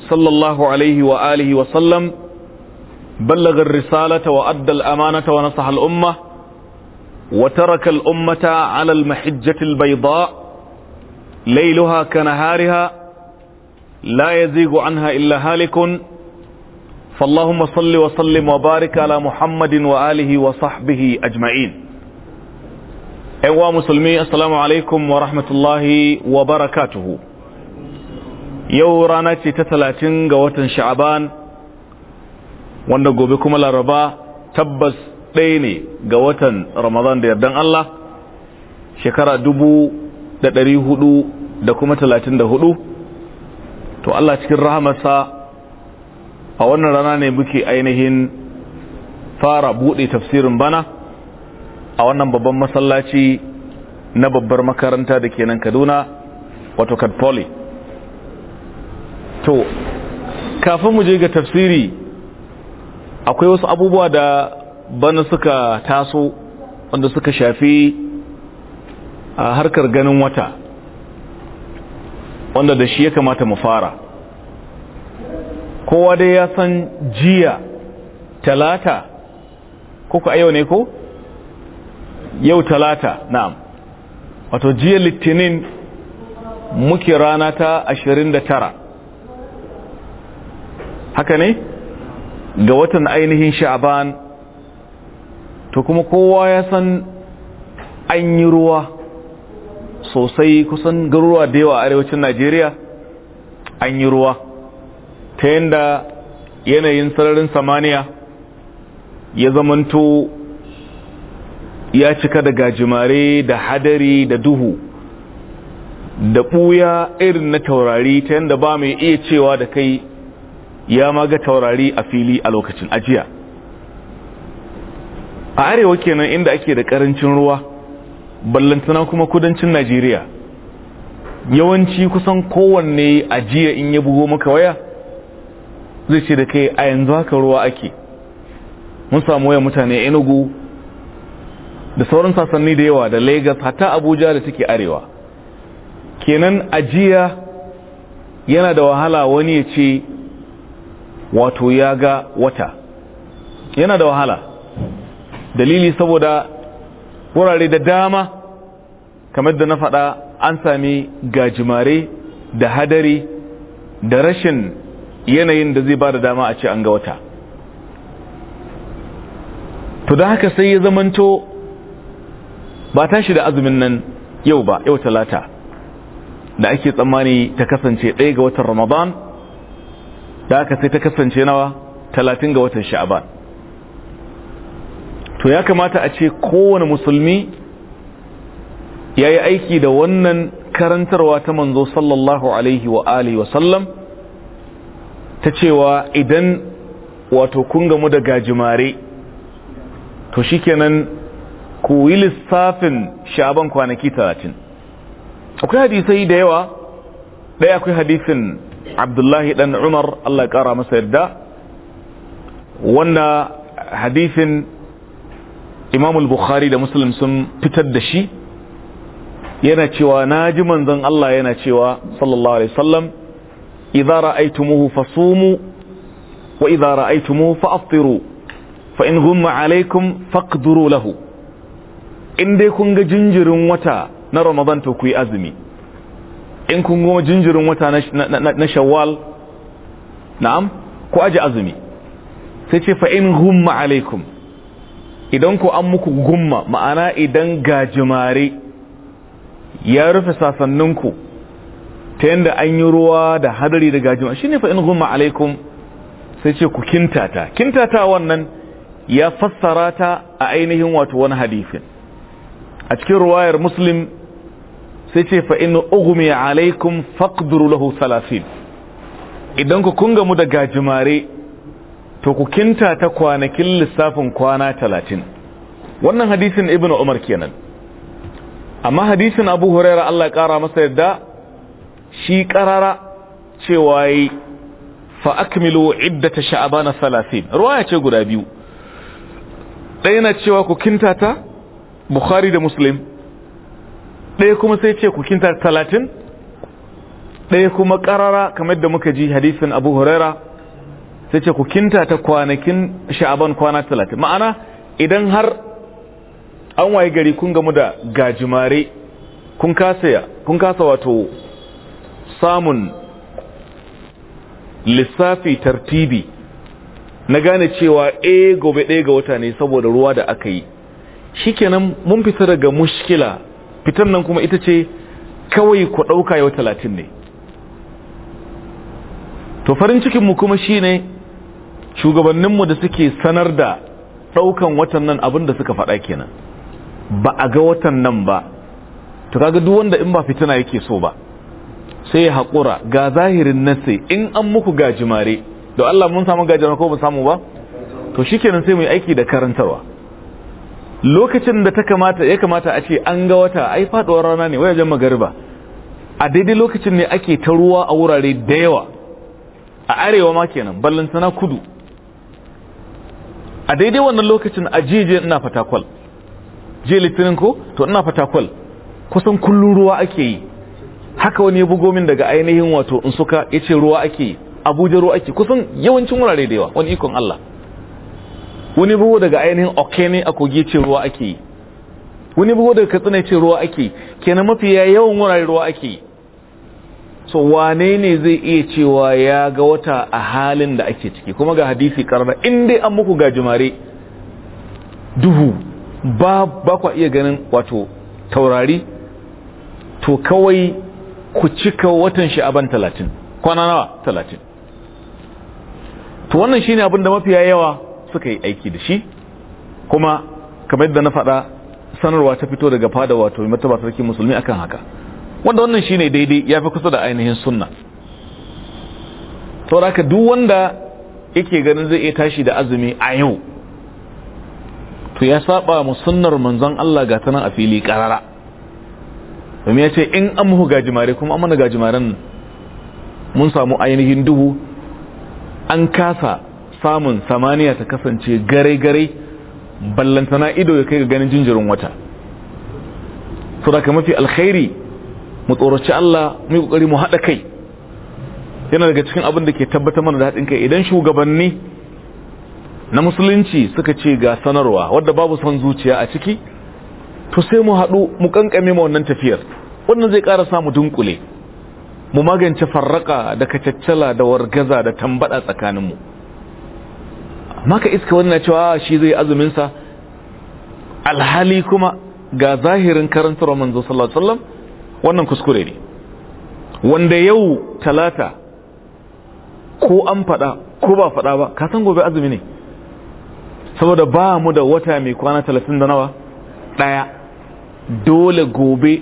صلى الله عليه وآله وسلم بلغ الرسالة وأدى الأمانة ونصح الأمة وترك الأمة على المحجة البيضاء ليلها كنهارها لا يزيغ عنها إلا هالك فاللهم صل وسلم وبارك على محمد وآله وصحبه أجمعين أيها المسلمين السلام عليكم ورحمة الله وبركاته yau rana ce ta talatin ga watan sha'aban wanda gobe kuma laraba tabbas ɗaya ne ga watan ramadan da yardan Allah shekara dubu da ɗari hudu da kuma talatin da hudu to Allah cikin rahamarsa a wannan rana ne muke ainihin fara buɗe tafsirin bana a wannan babban masallaci na babbar makaranta da kenan kaduna wato kadpoli to kafin mu je ga tafsiri akwai wasu abubuwa da bana suka taso wanda suka shafi a harkar ganin wata wanda da shi ya kamata mu fara kowa dai ya san jiya talata kuka a yau ne ko? yau talata na'am wato jiya litinin muke rana ta 29 haka ne ga watan ainihin sha'aban to kuma kowa ya san an yi ruwa sosai kusan garuruwa da yawa a arewacin najeriya an yi ruwa ta yadda yanayin sararin samaniya ya zamanto ya cika da gajimare da hadari da duhu da ɓuya irin na taurari ta yadda ba mai iya cewa da kai ya ma ga taurari a fili a lokacin ajiya a arewa kenan inda ake da karancin ruwa ballantana kuma kudancin najeriya yawanci kusan kowanne ajiya in ya bugo maka waya zai ce da kai a yanzu haka ruwa ake mun samu waya mutane enugu da sauran sasanni da yawa da lagos hatta abuja da take arewa kenan ajiya yana da wahala wani ya ce wato ya ga wata yana da wahala dalili saboda wurare da dama kamar da na faɗa an sami gajimare da hadari da rashin yanayin da zai ba da dama a ce an ga wata to da haka sai ya zamanto ba tashi da azumin nan yau ba yau talata da ake tsammani ta kasance ɗaya ga watan ramadan da aka sai ta kasance nawa talatin ga watan sha'aban to ya kamata a ce kowane musulmi ya yi aiki da wannan karantarwa ta manzo sallallahu alaihi wa alihi wa sallam ta cewa idan wato kun gamu da gajimare to shi kenan ku yi lissafin sha'aban kwanaki talatin akwai hadisai da yawa ɗaya akwai hadisin abdullahi dan umar allah kara masa yarda wanda hadithin imam bukhari da muslim sun fitar da shi yana cewa na ji manzon allah yana cewa sallallahu alaihi wasallam idza ra'aytumuhu fasumu wa idza ra'aytumuhu fa'aftiru fa in ghumma alaykum faqduru lahu in dai kun ga jinjirin wata na ramadan to ku yi azumi in kun goma jinjirin wata na shawwal na'am ku aji azumi sai ce fa in humma alaikum idan ku an muku gumma ma'ana idan gajimare ya rufe sasanninku ta yadda an yi ruwa da hadari da gajimare shi fa in gumma alaikum sai ce ku kintata kintata wannan ya fassara ta a ainihin wato wani hadifin a cikin ruwayar muslim sai ce fa in ughmi alaikum faqduru lahu salasin idan ku kunga mu da gajimare to ku kinta ta kwanakin lissafin kwana talatin wannan hadisin ibn umar kenan amma hadisin abu huraira Allah ya kara masa yadda shi karara cewa yi fa akmilu iddat sha'ban salasin ruwaya ce guda biyu dai na cewa ku kinta ta bukhari da muslim ɗaya kuma sai ce ku kinta talatin ɗaya kuma ƙarara kamar da muka ji hadisin abu huraira sai ce ku kinta ta kwanakin sha'aban kwana talatin ma'ana idan har an waye gari kun gamu da gajimare kun kasa kun kasa wato samun lissafi tartibi na gane cewa eh gobe ɗaya ga wata ne saboda ruwa da aka yi shi kenan mun fita daga mushkila fitan nan kuma ita ce kawai ku ɗauka yau talatin ne to farin cikinmu kuma shi ne shugabanninmu da suke sanar da ɗaukan watan nan abin da suka faɗa kenan ba a ga watan nan ba to kaga duk wanda in ba fitina yake so ba sai ya haƙura ga zahirin nasi in an muku gajimare da Allah mun samu gajimare ko ba samu ba to shikenan sai mu yi aiki da karantarwa lokacin da ta kamata ya kamata a ce an ga wata ai faduwar rana ne wajen magariba a daidai lokacin ne ake ta ruwa a wurare da yawa a arewa ma kenan ballan sana kudu a daidai wannan lokacin a jijiyar ina fatakwal je litinin ko to ina fatakwal kusan kullun ruwa ake yi haka wani ya bugo min daga ainihin wato in suka ya ce ruwa ake yi abuja ruwa ake kusan yawancin wurare da yawa wani ikon Allah wani bugu daga ainihin okene a kogi ce ruwa ake yi wani bugu daga katsina ce ruwa ake kenan mafiya yawan wurare ruwa ake so wane ne zai iya cewa ya ga wata a halin da ake ciki kuma ga hadisi karna in dai an muku ga jimare duhu ba kwa iya ganin wato taurari to kawai ku cika watan sha'aban talatin kwana nawa talatin to wannan shine abin da mafi yawa suka yi aiki da shi kuma kamar yadda na faɗa sanarwa ta fito daga fada wato mataba sarki musulmi akan haka wanda wannan shine daidai ya fi kusa da ainihin sunna saboda haka duk wanda yake ganin zai iya tashi da azumi a yau to ya saba mu sunnar manzon Allah ga tanan a fili karara domin ya ce in an muhu gajimare kuma an mana gajimaren mun samu ainihin duhu an kasa samun samaniya ta kasance gare-gare ballantana ido ya kai ga ganin jinjirin wata su da mafi alkhairi mu tsoraci Allah mai kokari mu haɗa kai yana daga cikin abin da ke tabbata mana da haɗin kai idan shugabanni na musulunci suka ce ga sanarwa wadda babu son zuciya a ciki to sai mu haɗu mu kankame ma wannan tafiyar wannan zai ƙara samu dunkule mu magance farraka da kacaccala da wargaza da tambada tsakaninmu maka iska wannan cewa ah, shi zai azumin sa alhali kuma ga zahirin karantar manzo sallallahu alaihi wasallam wannan kuskure ne wanda yau talata ko an fada ko ba fada ba ka san gobe azumi ne saboda ba mu da wata mai kwana 30 da nawa daya dole gobe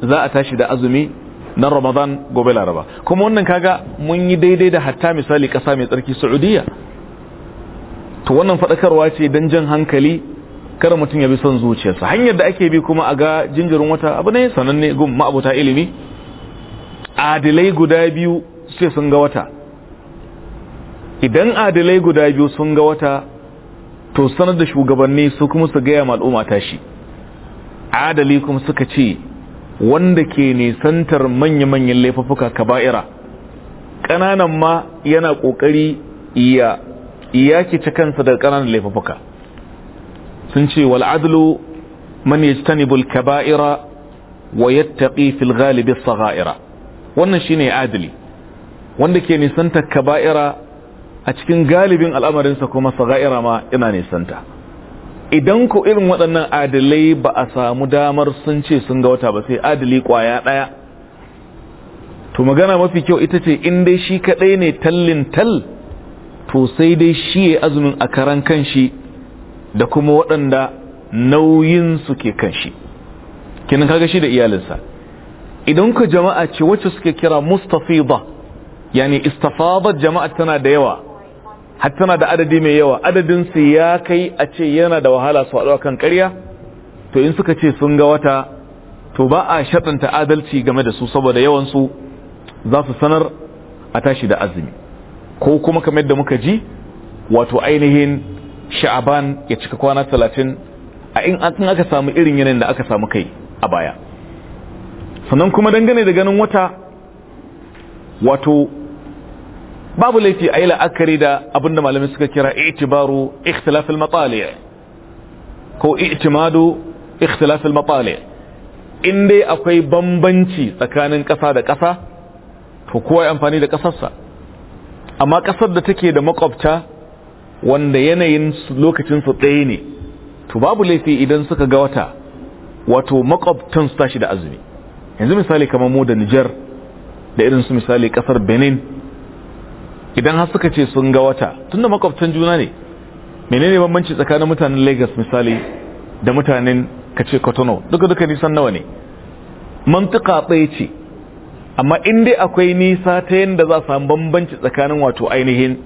za a tashi da azumi na Ramadan gobe Laraba kuma wannan kaga mun yi daidai da hatta misali kasa mai tsarki Saudiya to wannan fadakarwa ce dan jan hankali kar mutum ya bi son zuciyarsa hanyar da ake bi kuma a ga jinjirin wata abu ne sananne gun ma'abuta ilimi adilai guda biyu sai sun ga wata idan adilai guda biyu sun ga wata to sanar da shugabanni su kuma su gaya al'umma tashi adali kuma suka ce wanda ke nisantar manya-manyan laifuka kaba'ira ƙananan ma yana ƙoƙari iya. Iyaki ta kansa daga ƙananan laifuka sun ce wal adlu man yajtanibul kaba'ira wa yattaqi fil ghalibi saghaira wannan shine adli wanda ke nisanta kaba'ira a cikin galibin al'amarinsa kuma saghaira ma ina nisanta idan ku irin waɗannan adalai ba a samu damar sun ce sun ga wata ba sai adali kwaya ɗaya to magana mafi kyau ita ce in dai shi kaɗai ne tallin tal to sai dai shi ya azumin a karan kanshi da kuma waɗanda nauyin su ke kanshi kinan kaga shi da iyalinsa idan ku jama'a ce wacce suke kira mustafida yani istafada jama'a tana da yawa har tana da adadi mai yawa adadin su ya kai a ce yana da wahala su haɗu kan ƙarya to in suka ce sun ga wata to ba a shaɗanta adalci game da su saboda yawansu za su sanar a tashi da azumi ko kuma kamar yadda muka ji wato ainihin sha'aban ya cika kwana talatin a in aka samu irin yanayin da aka samu kai a baya sannan kuma dangane da ganin wata wato babu laifi a yi la'akari da abinda malamai suka kira itibaru ikhtilafil matsali ko itimadu ikhtilafil matsali in dai akwai bambanci tsakanin ƙasa da ƙasa to kowai amfani da ƙasarsa amma ƙasar da take da makwabta wanda yanayin lokacinsu ɗaya ne to babu laifi idan suka ga wata wato makwabtan su tashi da azumi yanzu misali kamar mu da Nijar da irin su misali ƙasar Benin idan har suka ce sun ga wata tunda makwabtan juna ne menene bambanci tsakanin mutanen Lagos misali da mutanen kace Kotono duka duka nisan nawa ne mantuka ɗaya ce amma in dai akwai nisa ta yadda za a samu bambanci tsakanin wato ainihin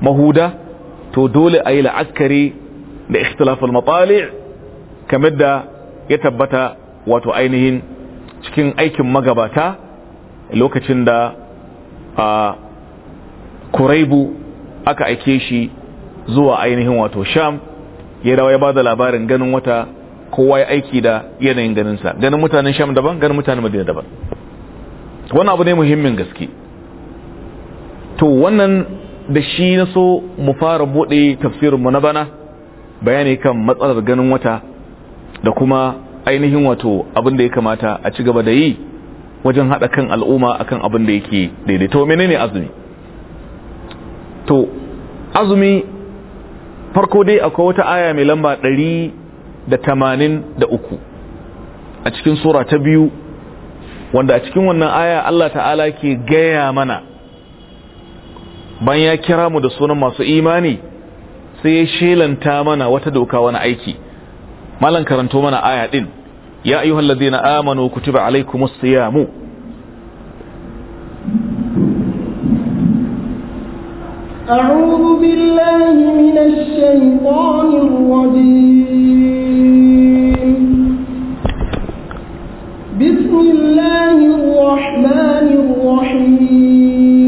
mahuda to dole a yi la'akari da ikhtilafin matsali kamar da ya tabbata wato ainihin cikin aikin magabata lokacin da a kuraibu aka aike shi zuwa ainihin wato sham ya dawa ya ba da labarin ganin wata kowa ya aiki da yanayin ganinsa ganin mutanen sham daban ganin mutanen madina daban wani abu ne muhimmin gaske to wannan da shi na so mu fara buɗe mu na bana bayani kan matsalar ganin wata da kuma ainihin wato abin da ya kamata a ci gaba da yi wajen haɗa kan al'umma akan abin da yake daidai to menene azumi to azumi farko dai akwai wata aya mai lamba ɗari da tamanin da uku a cikin sura ta biyu wanda a cikin wannan aya Allah ta'ala ke gaya mana ban ya kira mu da sunan masu imani sai ya shelanta mana wata doka wani aiki malan karanto mana aya din ya ayyuhal ladina amanu kutiba alaykumus siyamu أعوذ بالله من الشيطان الرجيم